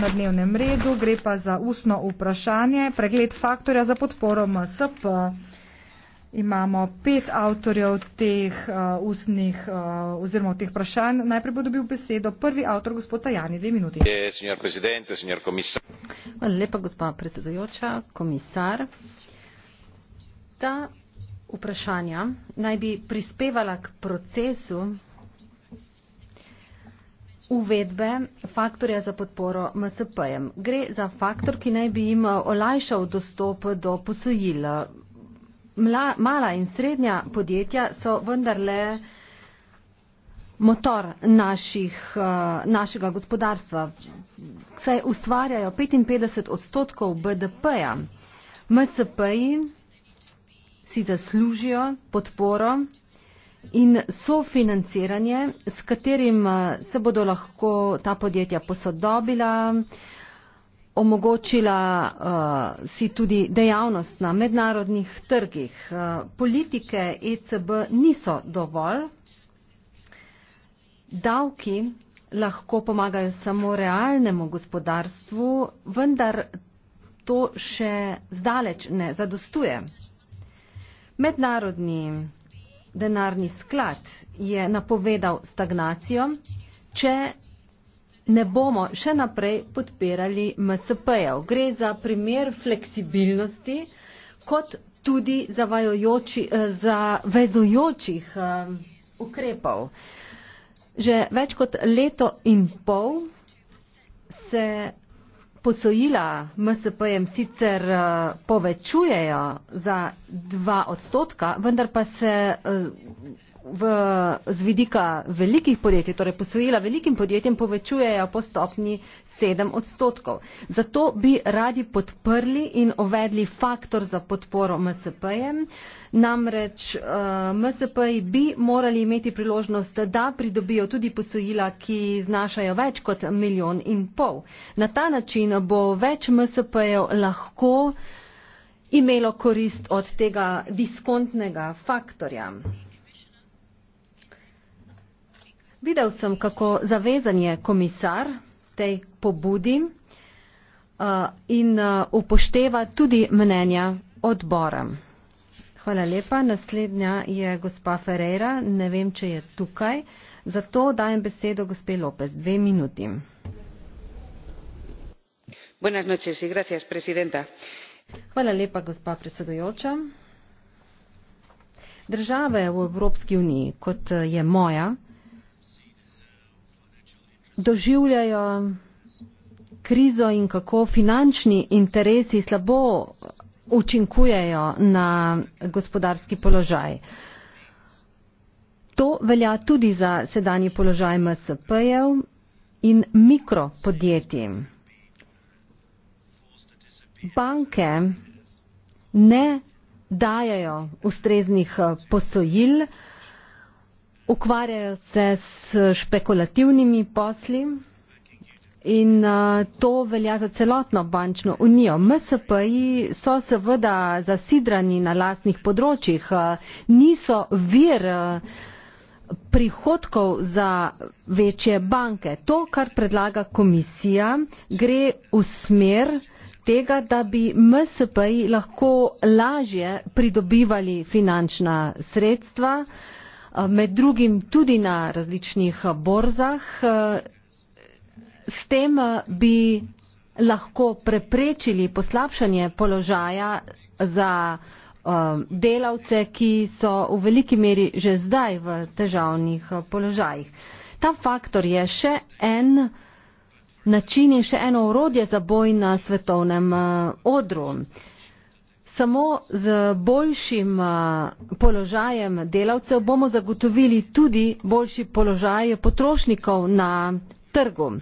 na dnevnem redu, gre pa za ustno vprašanje, pregled faktorja za podporo MSP. Imamo pet avtorjev teh uh, ustnih uh, oziroma teh vprašanj. Najprej bo dobil besedo prvi avtor, gospod Tajani, dve minuti. E, Hvala lepa, gospa predsedujoča, komisar. Ta vprašanja naj bi prispevala k procesu uvedbe faktorja za podporo MSP-jem. Gre za faktor, ki naj bi jim eh, olajšal dostop do posojil. Mla, mala in srednja podjetja so vendarle motor naših, eh, našega gospodarstva, saj ustvarjajo 55 odstotkov BDP-ja. MSP-ji si zaslužijo podporo in sofinanciranje, s katerim eh, se bodo lahko ta podjetja posodobila, omogočila uh, si tudi dejavnost na mednarodnih trgih. Eh, politike ECB niso dovolj. Davki lahko pomagajo samo realnemu gospodarstvu, vendar to še zdaleč ne zadostuje. Mednarodni denarni sklad je napovedal stagnacijo, če ne bomo še naprej podpirali MSP-jev. Gre za primer fleksibilnosti, kot tudi za eh, vezujočih eh, ukrepov. Že več kot leto in pol se vsega posojila MSP-jem sicer eh, povečujejo za dva odstotka, vendar pa se eh, v, z vidika velikih podjetij, torej posojila velikim podjetjem povečujejo po stopni sedem odstotkov. Zato bi radi podprli in uvedli faktor za podporo MSP-jem. Namreč uh, eh, MSP bi morali imeti priložnost, da pridobijo tudi posojila, ki znašajo več kot milijon in pol. Na ta način bo več MSP-jev lahko imelo korist od tega diskontnega faktorja. Videl sem, kako zavezan je komisar tej pobudi uh, in uh, upošteva tudi mnenja odbora. Hvala lepa. Naslednja je gospa Ferreira. Ne vem, če je tukaj. Zato dajem besedo gospe Lopez. Dve minuti. Buenas noches in gracias, presidenta. Hvala lepa, gospa predsedujoča. Države v Evropski uniji, kot je moja, doživljajo krizo in kako finančni interesi slabo učinkujejo na gospodarski položaj. To velja tudi za sedanji položaj MSP-jev in mikropodjetij. Banke ne dajajo ustreznih posojil, ukvarjajo se s špekulativnimi posli in to velja za celotno bančno unijo. MSP-ji so seveda zasidrani na lastnih področjih, niso vir prihodkov za večje banke. To, kar predlaga komisija, gre v smer tega, da bi MSP-ji lahko lažje pridobivali finančna sredstva, Eh, med drugim tudi na različnih eh, borzah. Eh, s tem bi lahko preprečili poslabšanje položaja za delavce, ki so v veliki meri že zdaj v težavnih položajih. Ta faktor je še en način in še eno orodje za boj na svetovnem odru samo z boljšim položajem delavcev bomo zagotovili tudi boljši položaj potrošnikov na trgu.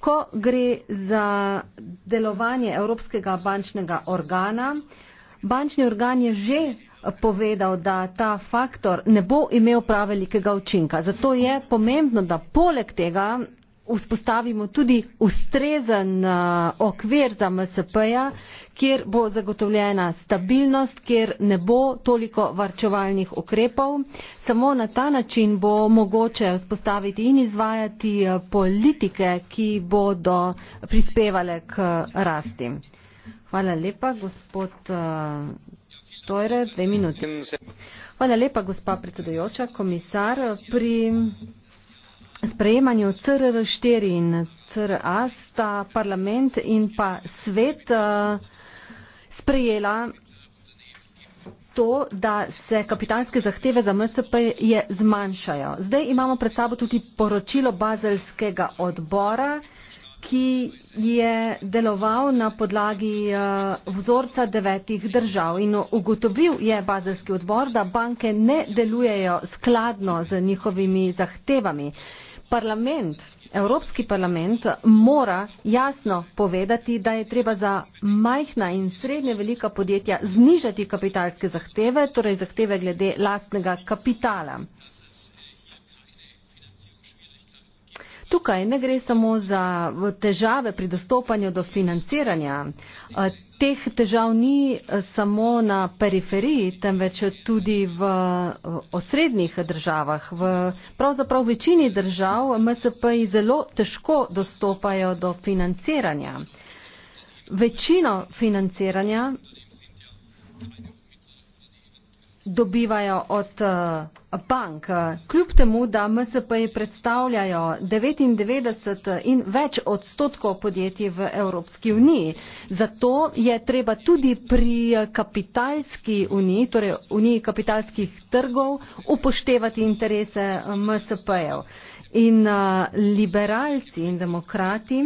Ko gre za delovanje Evropskega bančnega organa, bančni organ je že povedal, da ta faktor ne bo imel pravelikega učinka. Zato je pomembno, da poleg tega vzpostavimo tudi ustrezen eh, okvir za MSP-ja, kjer bo zagotovljena stabilnost, kjer ne bo toliko varčevalnih ukrepov. Samo na ta način bo mogoče vzpostaviti in izvajati eh, politike, ki bodo prispevale k eh, rasti. Hvala lepa, gospod Tojre, dve minuti. Hvala lepa, gospa predsedojoča, komisar. Pri sprejemanju CRR4 in CRA sta parlament in pa svet eh, sprejela to, da se kapitalske zahteve za MSP je zmanjšajo. Zdaj imamo pred sabo tudi poročilo bazelskega odbora, ki je deloval na podlagi eh, vzorca devetih držav in ugotovil je bazelski odbor, da banke ne delujejo skladno z njihovimi zahtevami parlament, Evropski parlament mora jasno povedati, da je treba za majhna in srednje velika podjetja znižati kapitalske zahteve, torej zahteve glede lastnega kapitala. Tukaj ne gre samo za težave pri dostopanju do financiranja teh težav ni eh, samo na periferiji, temveč tudi v eh, osrednjih državah. V pravzaprav večini držav MSP-ji zelo težko dostopajo do financiranja. Večino financiranja dobivajo od eh, bank. Kljub temu, da MSP-ji predstavljajo 99 in več odstotkov podjetij v Evropski uniji. Zato je treba tudi pri kapitalski uniji, torej uniji kapitalskih trgov, upoštevati interese eh, MSP-jev. In eh, liberalci in demokrati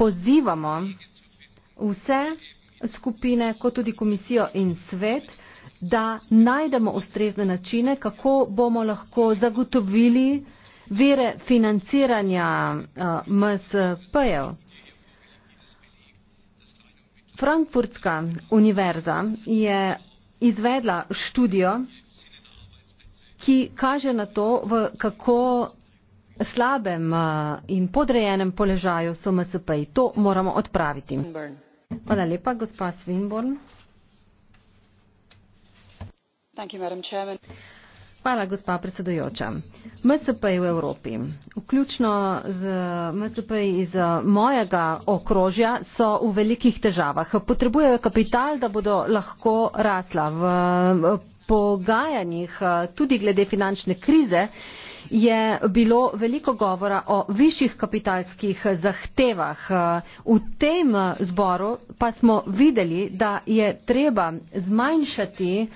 pozivamo vse, skupine, kot tudi komisijo in svet, da najdemo ustrezne načine, kako bomo lahko zagotovili vire financiranja uh, eh, MSP-jev. Frankfurtska univerza je izvedla študijo, ki kaže na to, v kako slabem eh, in podrejenem položaju so MSP-ji. To moramo odpraviti. Burn. Hvala lepa, gospa Svinborn. Hvala, gospa predsedujoča. MSP je v Evropi. Vključno z MSP iz eh, mojega okrožja so v velikih težavah. Potrebujejo kapital, da bodo lahko rasla v eh, pogajanjih eh, tudi glede finančne krize je bilo veliko govora o višjih kapitalskih zahtevah. V tem zboru pa smo videli, da je treba zmanjšati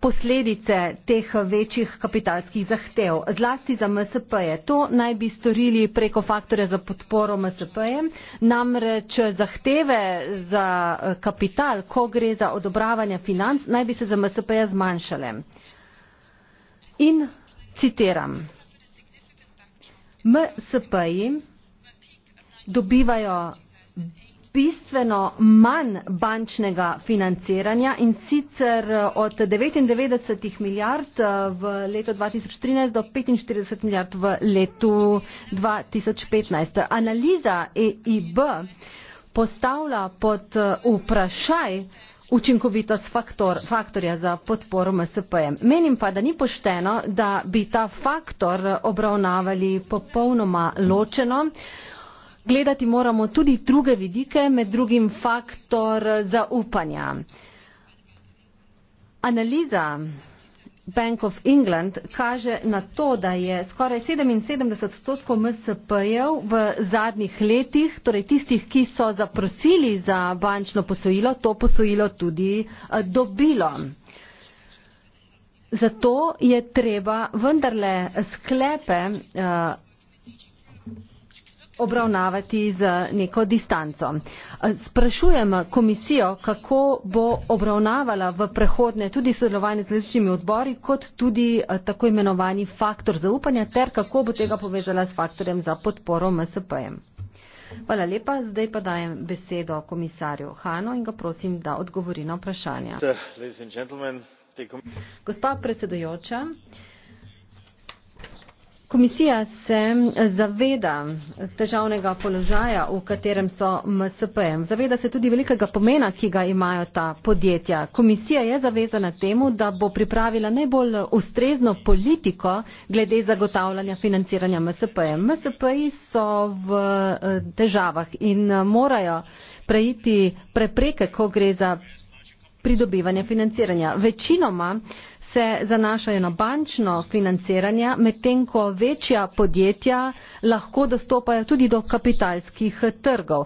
posledice teh večjih kapitalskih zahtev. Zlasti za MSP-je. To naj bi storili preko faktore za podporo MSP-je. Namreč zahteve za kapital, ko gre za odobravanje financ, naj bi se za MSP-je zmanjšale. In citiram, MSP-ji dobivajo bistveno manj bančnega financiranja in sicer eh, od 99 eh, milijard v letu 2013 do 45 milijard v letu 2015. Analiza EIB postavlja pod eh, vprašaj, učinkovitost faktor, faktorja za podporo MSP-jem. Menim pa, da ni pošteno, da bi ta faktor obravnavali popolnoma ločeno. Gledati moramo tudi druge vidike, med drugim faktor zaupanja. Analiza Bank of England kaže na to, da je skoraj 77 odstotkov MSP-jev v zadnjih letih, torej tistih, ki so zaprosili za bančno posojilo, to posojilo tudi eh, dobilo. Zato je treba vendarle sklepe uh, obravnavati z neko distanco. Sprašujem komisijo, kako bo obravnavala v prehodne tudi sodelovanje z različnimi odbori, kot tudi eh, tako imenovani faktor zaupanja, ter kako bo tega povezala s faktorjem za podporo MSP-jem. Hvala lepa. Zdaj pa dajem besedo komisarju Hanu in ga prosim, da odgovori na vprašanja. Gospa predsedujoča, Komisija se zaveda težavnega položaja, v katerem so MSP-jem. Zaveda se tudi velikega pomena, ki ga imajo ta podjetja. Komisija je zavezana temu, da bo pripravila najbolj ustrezno politiko glede zagotavljanja financiranja MSP-jem. MSP-ji so v e, težavah in e, morajo prejiti prepreke, ko gre za pridobivanje financiranja. Večinoma se zanašajo na bančno financiranje, medtem ko večja podjetja lahko dostopajo tudi do kapitalskih trgov.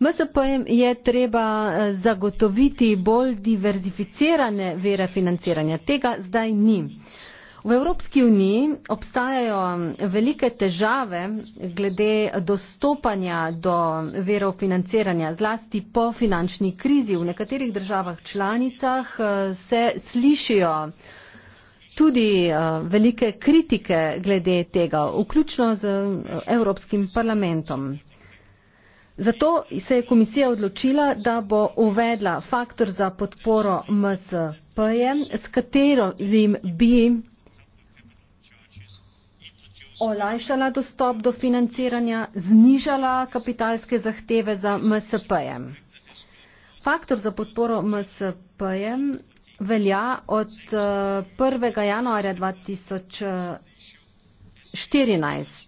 MSP-jem je treba eh, zagotoviti bolj diverzificirane vere financiranja. Tega zdaj ni. V Evropski uniji obstajajo mm, velike težave glede dostopanja do verov financiranja, zlasti po finančni krizi. V nekaterih državah članicah eh, se slišijo uh, tudi uh, velike kritike glede tega, vključno z eh, Evropskim parlamentom. Zato se je komisija odločila, da bo uvedla faktor za podporo MSP-je, s katero jim bi olajšala dostop do financiranja, znižala kapitalske zahteve za MSP-je. Faktor za podporo MSP-jem velja od 1. Eh, januarja 2014.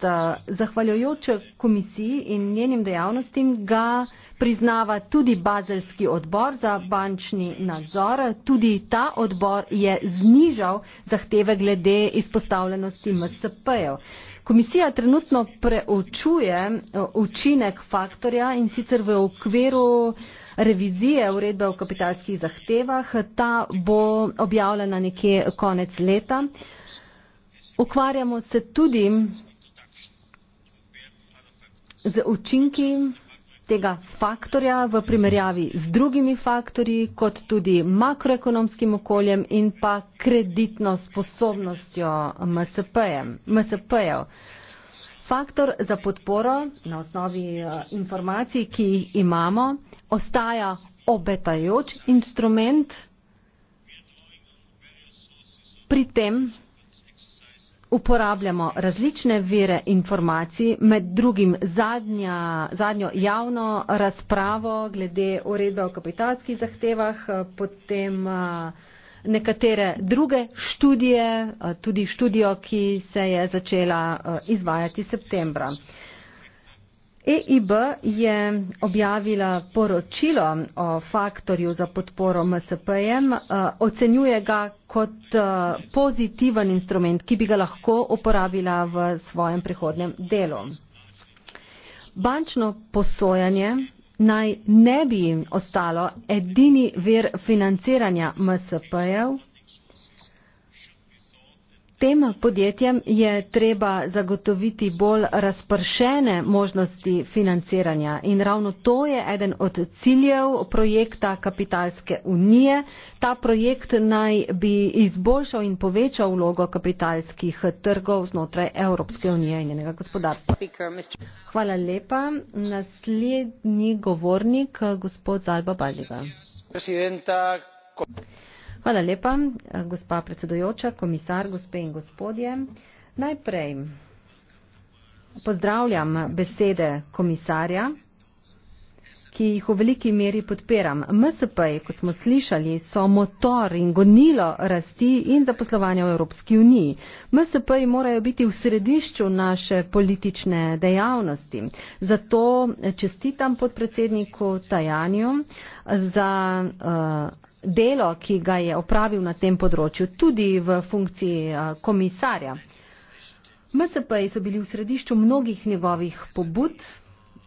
Eh, Zahvaljujoč komisiji in njenim dejavnostim ga priznava tudi bazelski odbor za bančni nadzor. Tudi ta odbor je znižal zahteve glede izpostavljenosti MSP-jev. Komisija trenutno preučuje eh, učinek faktorja in sicer v okviru revizije uredbe o kapitalskih zahtevah. Ta bo objavljena nekje konec leta. Ukvarjamo se tudi z učinki tega faktorja v primerjavi z drugimi faktorji, kot tudi makroekonomskim okoljem in pa kreditno sposobnostjo MSP-jev. Faktor za podporo na osnovi eh, informacij, ki jih imamo, ostaja obetajoč instrument pri tem, uporabljamo različne vire informacij, med drugim zadnja, zadnjo javno razpravo glede uredbe o kapitalskih zahtevah, potem eh, nekatere druge študije, eh, tudi študijo, ki se je začela eh, izvajati septembra. EIB je objavila poročilo o faktorju za podporo MSP-jem, eh, ocenjuje ga kot eh, pozitiven instrument, ki bi ga lahko uporabila v svojem prihodnem delu. Bančno posojanje naj ne bi ostalo edini vir financiranja MSP-jev, tem podjetjem je treba zagotoviti bolj razpršene možnosti financiranja in ravno to je eden od ciljev projekta Kapitalske unije. Ta projekt naj bi izboljšal in povečal vlogo kapitalskih trgov znotraj Evropske unije in njenega gospodarstva. Hvala lepa. Naslednji govornik, gospod Zalba Baljiva. Hvala lepa, gospa predsedojoča, komisar, gospe in gospodje. Najprej pozdravljam besede komisarja ki jih v veliki meri podpiram. MSP, kot smo slišali, so motor in gonilo rasti in zaposlovanja v Evropski uniji. MSP morajo biti v središču naše politične dejavnosti. Zato čestitam podpredsedniku Tajanju za. Uh, Delo, ki ga je opravil na tem področju, tudi v funkciji eh, komisarja. MSP so bili v središču mnogih njegovih pobud,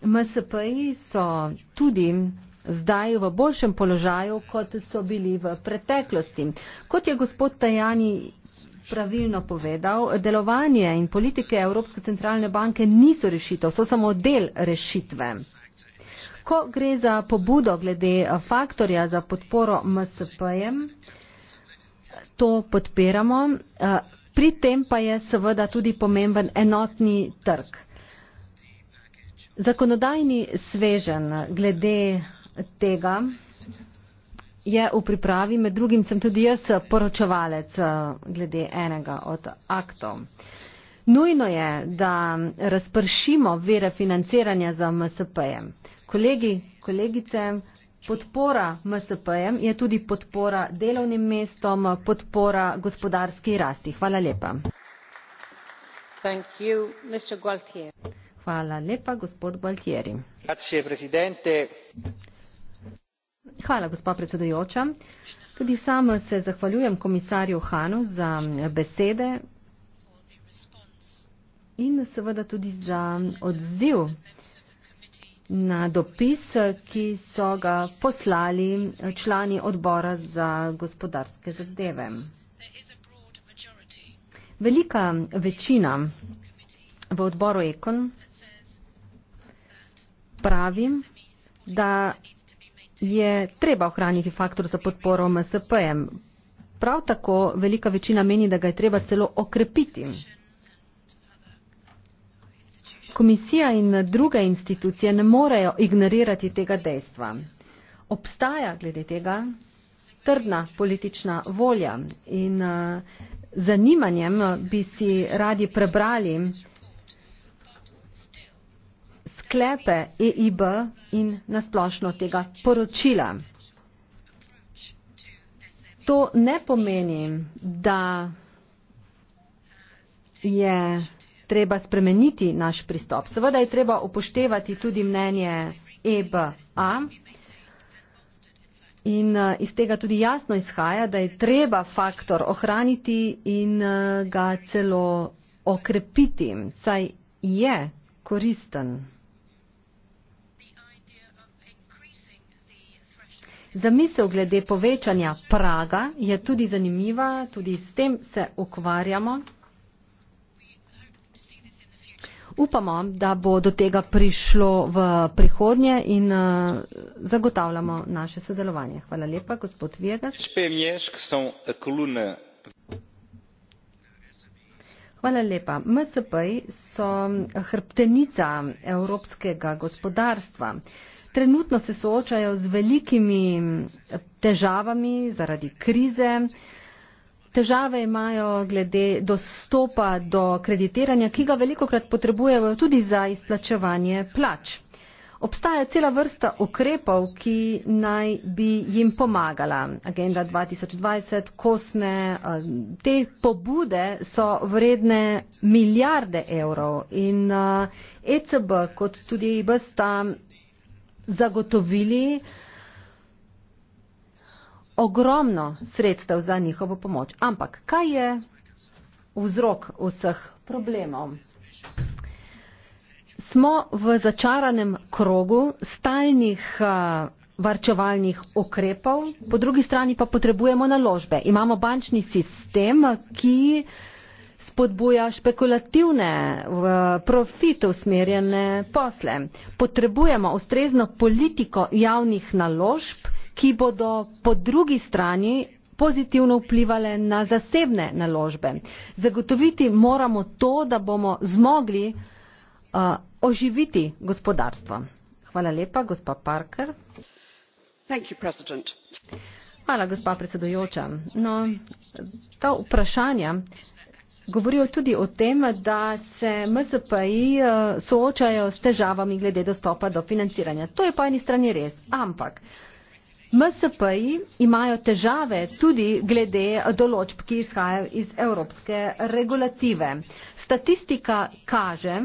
MSP-ji so tudi zdaj v boljšem položaju, kot so bili v preteklosti. Kot je gospod Tajani pravilno povedal, delovanje in politike Evropske centralne banke niso rešitev, so samo del rešitve. Ko gre za pobudo glede faktorja za podporo MSP-jem, to podpiramo. Eh, pri tem pa je seveda tudi pomemben enotni trg. Zakonodajni svežen glede tega je v pripravi, med drugim sem tudi jaz poročevalec eh, glede enega od aktov. Nujno je, da razpršimo vere financiranja za MSP-je. Kolegi, kolegice, podpora MSP-jem je tudi podpora delovnim mestom, podpora gospodarski rasti. Hvala lepa. Thank you, Mr. Hvala lepa, gospod Gualtieri. Hvala, gospa predsedujoča. Tudi sam se zahvaljujem komisarju Hanu za besede in seveda tudi za odziv na dopis, ki so ga poslali člani odbora za gospodarske zadeve. Velika večina v odboru Ekon pravim, da je treba ohraniti faktor za podporo MSP-jem. Prav tako velika večina meni, da ga je treba celo okrepiti. Komisija in druge institucije ne morejo ignorirati tega dejstva. Obstaja glede tega trdna politična volja in eh, zanimanjem bi si radi prebrali, sklepe EIB in nasplošno tega poročila. To ne pomeni, da je treba spremeniti naš pristop. Seveda je treba upoštevati tudi mnenje EBA in eh, iz tega tudi jasno izhaja, da je treba faktor ohraniti in eh, ga celo okrepiti, saj je koristen. Zamisel glede povečanja praga je tudi zanimiva, tudi s tem se ukvarjamo. Upamo, da bo do tega prišlo v prihodnje in uh, zagotavljamo naše sodelovanje. Hvala lepa, gospod Viegas. Eh, Hvala lepa. MSP so hm, hrbtenica evropskega gospodarstva. Uh, trenutno se soočajo z velikimi težavami zaradi krize. Težave imajo glede dostopa do kreditiranja, ki ga velikokrat potrebujejo tudi za izplačevanje plač. Obstaja cela vrsta ukrepov, ki naj bi jim pomagala. Agenda 2020, kosme, eh, te pobude so vredne milijarde evrov in ECB eh, e kot tudi BSTA zagotovili ogromno sredstev za njihovo pomoč. Ampak kaj je vzrok vseh problemov? Smo v začaranem krogu stalnih varčevalnih ukrepov, po drugi strani pa potrebujemo naložbe. Imamo bančni sistem, ki spodbuja špekulativne, v profit usmerjene posle. Potrebujemo ustrezno politiko javnih naložb, ki bodo po drugi strani pozitivno vplivale na zasebne naložbe. Zagotoviti moramo to, da bomo zmogli uh, oživiti gospodarstvo. Hvala lepa, gospa Parker. Hvala, gospa predsedujoča. No, ta vprašanja govorijo tudi o tem, da se MSPI eh, soočajo s težavami glede dostopa do financiranja. To je po eni strani res, ampak MSPI imajo težave tudi glede določb, ki izhajajo iz evropske regulative. Statistika kaže,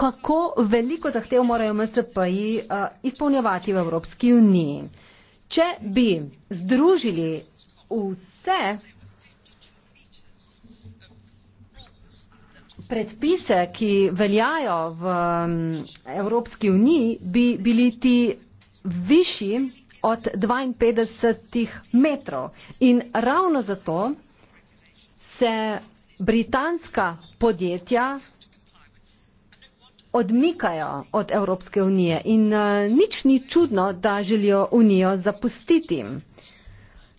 kako veliko zahtev morajo MSPI eh, izpolnjevati v Evropski uniji. Če bi združili vse predpise, ki veljajo v mm, Evropski uniji, bi bili ti višji od 52 metrov. In ravno zato se britanska podjetja odmikajo od Evropske unije in eh, nič ni čudno, da želijo unijo zapustiti.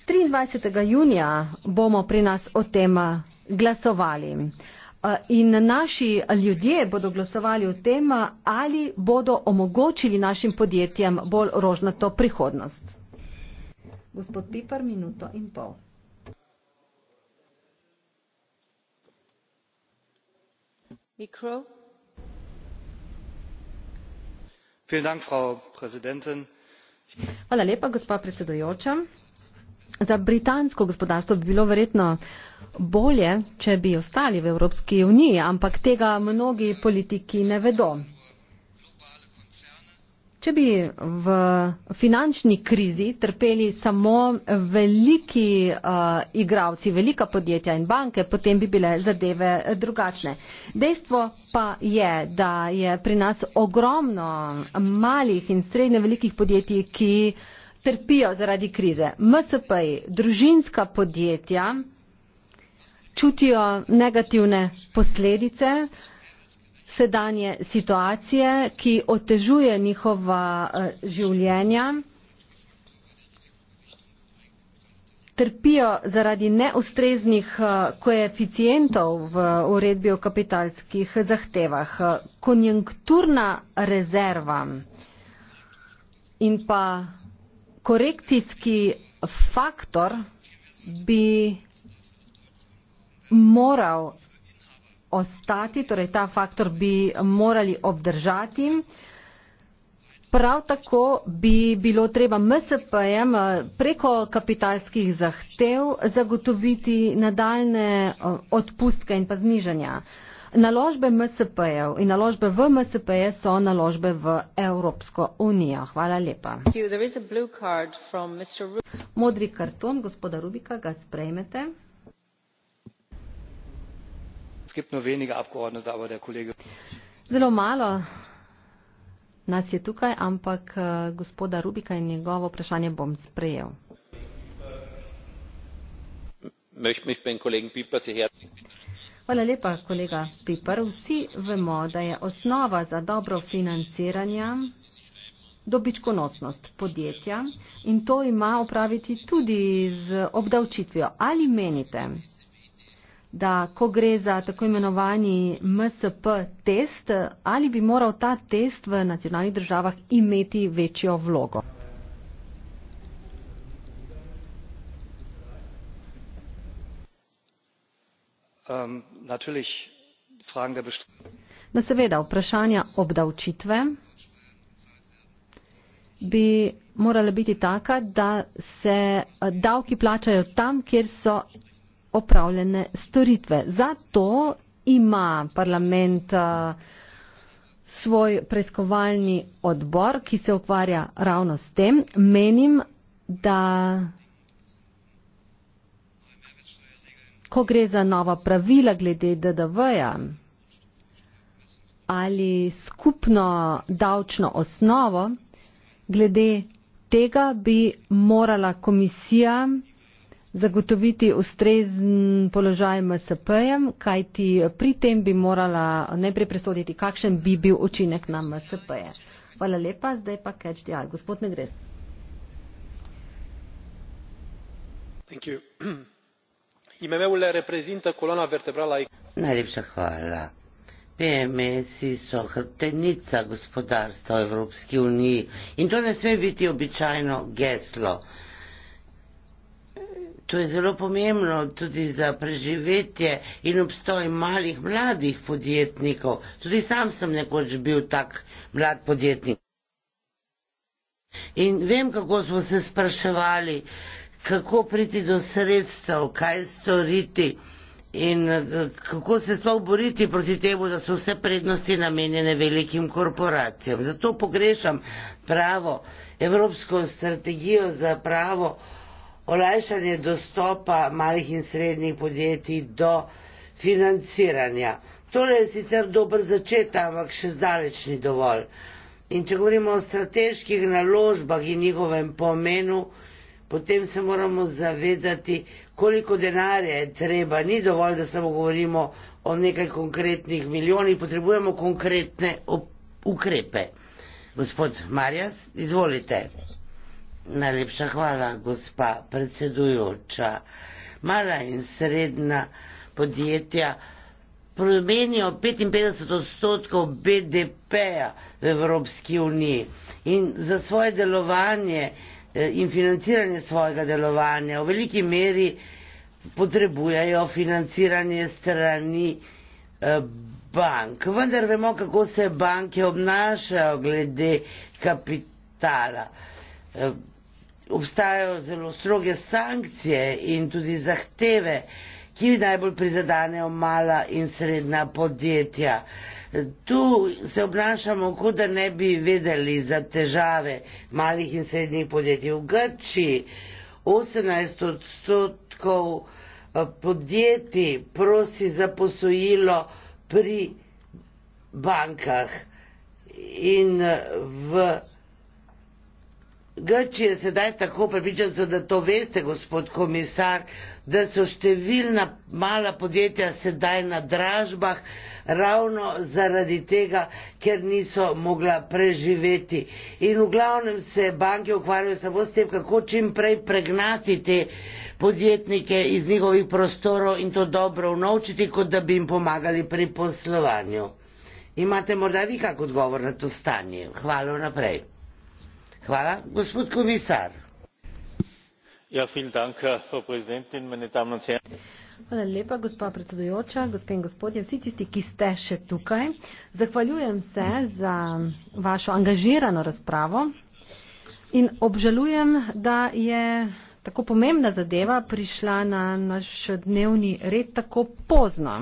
23. junija bomo pri nas o tem eh, glasovali. In naši ljudje bodo glasovali o tem, ali bodo omogočili našim podjetjem bolj rožnato prihodnost. Gospod Pipar, minuto in pol. Mikro. Hvala lepa, gospod predsedujoča za britansko gospodarstvo bi bilo verjetno bolje, če bi ostali v Evropski uniji, ampak tega mnogi politiki ne vedo. Če bi v finančni krizi trpeli samo veliki uh, eh, igravci, velika podjetja in banke, potem bi bile zadeve drugačne. Dejstvo pa je, da je pri nas ogromno malih in srednje velikih podjetij, ki uh, trpijo zaradi krize. MSP-ji, družinska podjetja, čutijo negativne posledice sedanje situacije, ki otežuje njihova eh, življenja, trpijo zaradi neustreznih eh, koeficientov v uredbi o kapitalskih zahtevah. Konjunkturna rezerva in pa korekcijski faktor bi moral ostati, torej ta faktor bi morali obdržati. Prav tako bi bilo treba MSP-jem preko kapitalskih zahtev zagotoviti nadaljne eh, odpustke in pa znižanja naložbe MSP-jev in naložbe v MSP-je so naložbe v Evropsko unijo. Hvala lepa. Modri karton gospoda Rubika, ga sprejmete. Zelo malo nas je tukaj, ampak eh, gospoda Rubika in njegovo vprašanje bom sprejel. Möchte mich bei den Kollegen Pieper sehr herzlich bedanken. Hvala lepa, kolega Pipar. Vsi vemo, da je osnova za dobro financiranje dobičkonosnost podjetja in to ima opraviti tudi z obdavčitvijo. Ali menite, da ko gre za tako imenovani MSP test, ali bi moral ta test v nacionalnih državah imeti večjo vlogo? Ähm, Na no, seveda vprašanja obdavčitve bi morala biti taka, da se eh, davki plačajo tam, kjer so opravljene storitve. Zato ima parlament eh, svoj preiskovalni odbor, ki se ukvarja ravno s tem. Menim, da ko gre za nova pravila glede DDV-ja ali skupno davčno osnovo, glede tega bi morala komisija zagotoviti ustrezen položaj MSP-jem, kajti pri tem bi morala najprej presoditi, kakšen bi bil učinek na MSP-je. Hvala lepa, zdaj pa catch the eye. Gospod Negres. Thank you. imm urile reprezintă coloana vertebrală a Najlepša hvala. PMS so hrbtenica gospodarstva v Evropski uniji in to ne sme biti običajno geslo. To je zelo pomembno tudi za preživetje in obstoj malih mladih podjetnikov. Tudi sam sem nekoč bil tak mlad podjetnik. In vem, kako smo se spraševali, kako priti do sredstev, kaj storiti in eh, kako se sploh boriti proti temu, da so vse prednosti namenjene velikim korporacijam. Zato pogrešam pravo, evropsko strategijo za pravo olajšanje dostopa malih in srednjih podjetij do financiranja. Tole je sicer dober začetek, ampak še zdaleč ni dovolj. In če govorimo o strateških naložbah in njihovem pomenu, potem se moramo zavedati, koliko denarja je treba. Ni dovolj, da samo govorimo o nekaj konkretnih milijonih, potrebujemo konkretne ukrepe. Gospod Marjas, izvolite. Najlepša hvala, gospa predsedujoča. Mala in sredna podjetja promenijo 55 odstotkov BDP-ja v Evropski uniji in za svoje delovanje Eh, in financiranje svojega delovanja. V veliki meri potrebujejo financiranje strani eh, bank. Vendar vemo, kako se banke obnašajo glede kapitala. Eh, obstajajo zelo stroge sankcije in tudi zahteve, ki najbolj prizadanejo mala in srednja podjetja. Tu se obnašamo, kot da ne bi vedeli za težave malih in srednjih podjetij. V Grčiji 18 odstotkov eh, podjetij prosi za posojilo pri bankah in eh, v Grčiji je sedaj tako prepričan, da to veste, gospod komisar, da so številna mala podjetja sedaj na dražbah ravno zaradi tega, ker niso mogla preživeti. In v glavnem se banke ukvarjajo samo s tem, kako čim prej pregnati te podjetnike iz njihovih prostorov in to dobro unovčiti, kot da bi jim pomagali pri poslovanju. Imate morda vi kak odgovor na to stanje? Hvala naprej. Hvala, gospod komisar. Ja, vielen Dank, Frau Präsidentin, meine Damen und Herren. Hvala lepa, gospa predsedujoča, gospe in gospodje, vsi tisti, ki ste še tukaj. Zahvaljujem se za vašo angažirano razpravo in obžalujem, da je tako pomembna zadeva prišla na naš dnevni red tako pozno.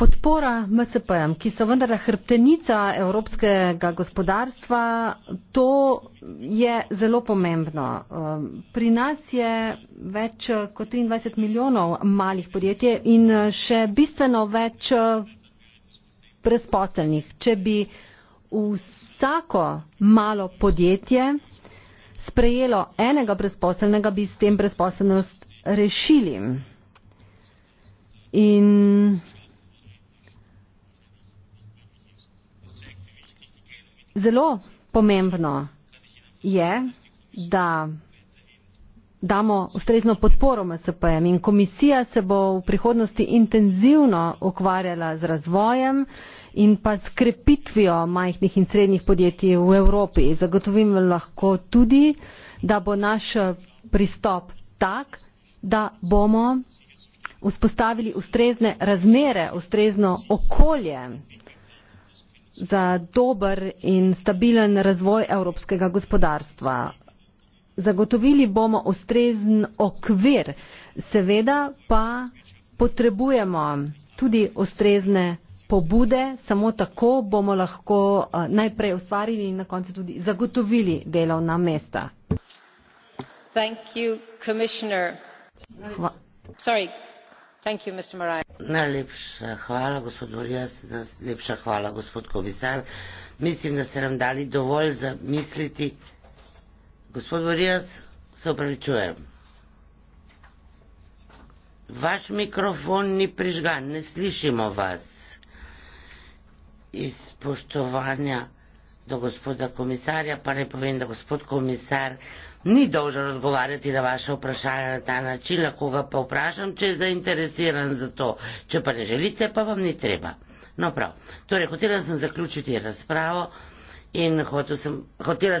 Podpora MCP-jem, ki so vendarle hrbtenica evropskega gospodarstva, to je zelo pomembno. Ehm, pri nas je več eh, kot 23 milijonov malih podjetij in eh, še bistveno več eh, brezposelnih. Če bi vsako malo podjetje sprejelo enega brezposelnega, bi s tem brezposelnost rešili. In Zelo pomembno je, da damo ustrezno podporo MSP-jem in komisija se bo v prihodnosti intenzivno ukvarjala z razvojem in pa s krepitvijo majhnih in srednjih podjetij v Evropi. Zagotovim lahko tudi, da bo naš pristop tak, da bomo vzpostavili ustrezne razmere, ustrezno okolje za dober in stabilen razvoj evropskega gospodarstva. Zagotovili bomo ustrezen okvir, seveda pa potrebujemo tudi ustrezne pobude, samo tako bomo lahko eh, najprej ustvarili in na koncu tudi zagotovili delovna mesta. Hva Sorry, Najlepša hvala, gospod Morjas, najlepša hvala, gospod komisar. Mislim, da ste nam dali dovolj za misliti. Gospod Morjas, se upravičujem. Vaš mikrofon ni prižgan, ne slišimo vas. Iz poštovanja do gospoda komisarja, pa naj povem, da gospod komisar ni dolžen odgovarjati na vaše vprašanje na ta način, lahko ga pa vprašam, če je zainteresiran za to, če pa ne želite, pa vam ni treba. No prav, torej hotela sem zaključiti razpravo in hotela sem.